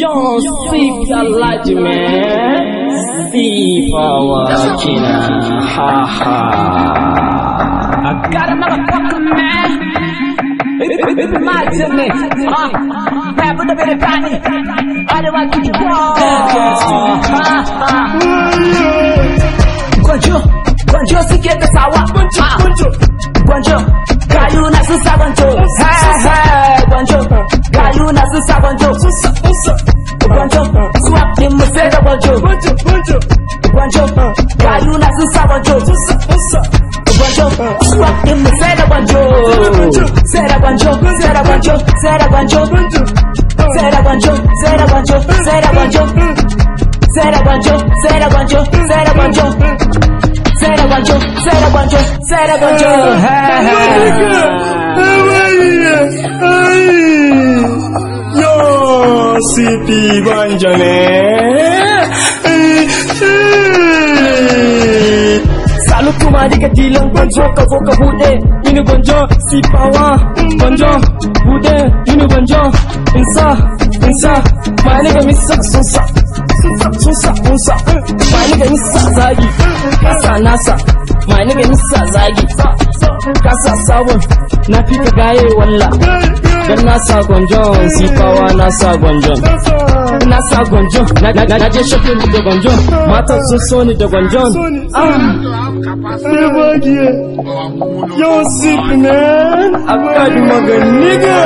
Yo, speak enlightenment. See power, kina. Ha ha. I got another fucking man. It's my journey. Ah, have a bit of time. I don't want to go. Ha ha. Gwanjo, si que te sawa. Gwanjo, gwanjo. Gwanjo, kayu na su sabanto. Hey, hey, gwanjo muna sun sa gwanjo gwanjo swap him, mu sai da gwanjo gwanjo gayuna sun sa gwanjo gwanjo swap din mu sai da gwanjo sai da gwanjo sai da gwanjo sai da gwanjo sai da gwanjo sai da gwanjo sai da gwanjo sai da gwanjo sai da gwanjo sai da gwanjo sai da gwanjo sai da gwanjo sai da gwanjo CP Selalu kumari ke dilang bonjo Kau k a bude Ini bonjo Si pawa Bonjo Bude Ini bonjo Insa Insa Mani kami s a s u s a s u s a s u s a s u s a Mani kami s a zagi Kasa nasa Mani kami s a zagi Kasa sawon Nafi kagaye wallah don na sa gwanjon sifawa na sa gonjon na sa gwanjon na je shopping da gwanjon matan de so ni da gwanjon ah. yo sip man akadu magani ga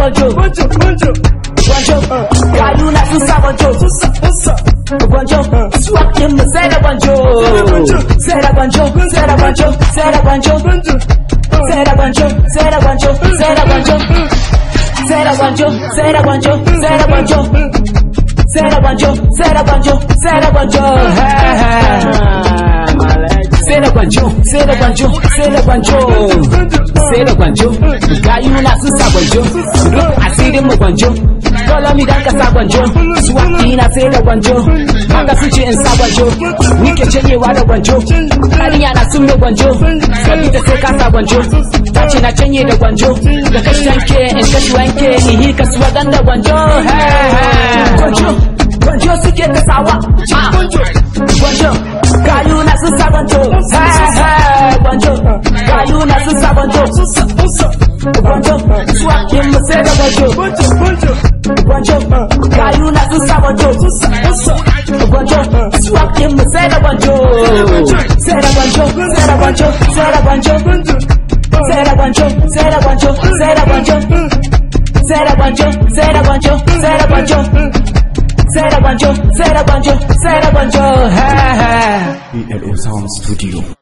banjo, banjo, banjo, banjo. Caiu na sussa, banjo, sussa, sussa. Banjo, sua queima, será banjo, será banjo, será banjo, será banjo, será banjo, será banjo, será banjo, será banjo, será banjo, será banjo, será banjo, será banjo, será banjo. sai da kwanjo sai da kwanjo sai da kwanjo sai da kwanjo gayuna sun sa kwanjo duk asirin mu kwanjo kola mi dan kasa kwanjo suwa ina sai da kwanjo manga su ce in sa kwanjo nike wa da kwanjo kariya na sun me kwanjo sai ta sai sa kwanjo ta ce na canye da kwanjo da kashe ke in kashe wanke ni hi kasuwa dan da kwanjo hey, hey. caiu sun sabanto gwanjo swaki mu sai da gwanjo gwanjo kaduna sun sabanto gwanjo swaki mu sai da gwanjo sai da gwanjo sai da gwanjo sai da gwanjo sai da gwanjo sai da gwanjo sai da gwanjo sai da gwanjo sai da gwanjo sai da gwanjo Zera Banjo, Zera Banjo, Zera Banjo, ha ha. ELO Sound Studio.